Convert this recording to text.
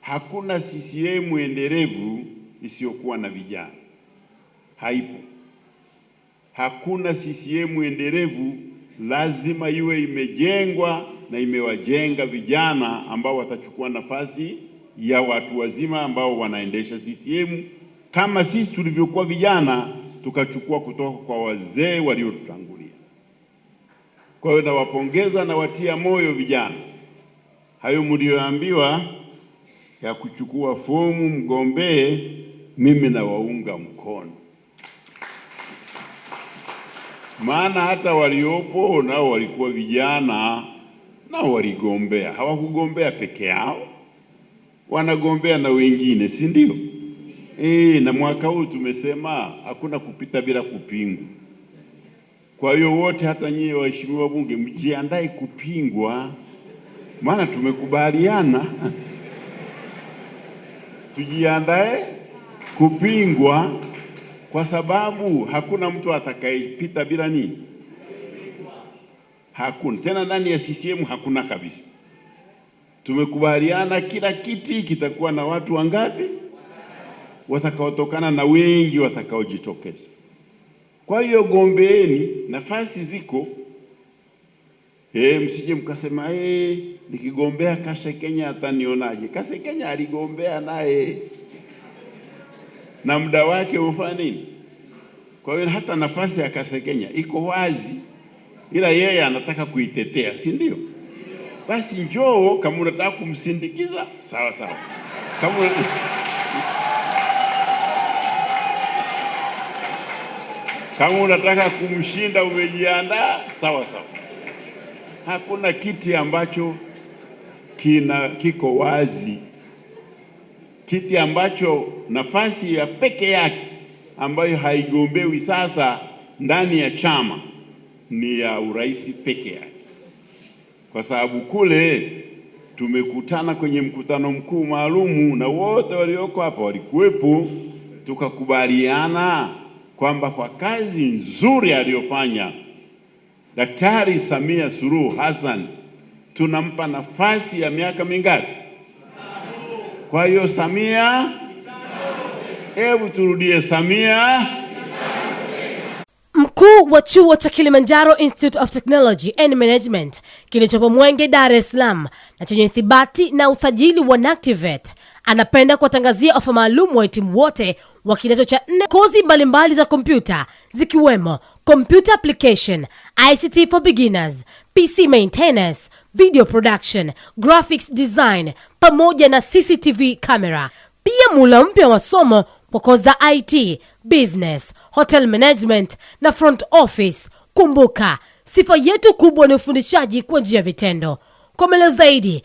Hakuna CCM endelevu isiyokuwa na vijana, haipo. Hakuna CCM endelevu, lazima iwe imejengwa na imewajenga vijana ambao watachukua nafasi ya watu wazima ambao wanaendesha CCM kama sisi tulivyokuwa vijana tukachukua kutoka kwa wazee waliotutangulia. Kwa hiyo nawapongeza na watia moyo vijana, hayo mlioambiwa ya kuchukua fomu mgombee, mimi nawaunga mkono, maana hata waliopo nao walikuwa vijana, nao waligombea. Hawakugombea peke yao, wanagombea na wengine, si ndio? E, na mwaka huu tumesema hakuna kupita bila kupingwa. Kwa hiyo wote, hata nyie waheshimiwa wabunge, mjiandae kupingwa, maana tumekubaliana tujiandae kupingwa, kwa sababu hakuna mtu atakayepita bila nini. Hakuna tena ndani ya CCM, hakuna kabisa. Tumekubaliana kila kiti kitakuwa na watu wangapi watakaotokana na wengi watakaojitokeza. Kwa hiyo gombeeni, nafasi ziko. E, msije mkasema e, nikigombea Kasha Kenya atanionaje? Kasha Kenya aligombea naye na muda wake umefanya nini? Kwa hiyo hata nafasi ya Kasha Kenya iko wazi, ila yeye anataka kuitetea, si ndio? Basi njoo kama unataka kumsindikiza, sawa sawa, kama kama unataka kumshinda, umejiandaa, sawa sawa hakuna kiti ambacho kina kiko wazi. Kiti ambacho nafasi ya peke yake ambayo haigombewi sasa ndani ya chama ni ya urais peke yake, kwa sababu kule tumekutana kwenye mkutano mkuu maalumu na wote walioko hapa walikuwepo, tukakubaliana kwamba kwa kazi nzuri aliyofanya Daktari Samia Suluhu Hassan tunampa nafasi ya miaka mingapi? Kwa hiyo Samia, hebu turudie Samia. Mkuu wa chuo cha Kilimanjaro Institute of Technology and Management kilichopo Mwenge, Dar es Salaam na chenye ithibati na usajili wa NACTIVATE anapenda kuwatangazia ofa maalum wa wahitimu wote wa kidato cha nne kozi mbalimbali za kompyuta zikiwemo computer application ict for beginners pc maintenance video production graphics design pamoja na cctv camera pia mula mpya wa somo kwa kozi za it business hotel management na front office kumbuka sifa yetu kubwa ni ufundishaji kwa njia ya vitendo kwa melo zaidi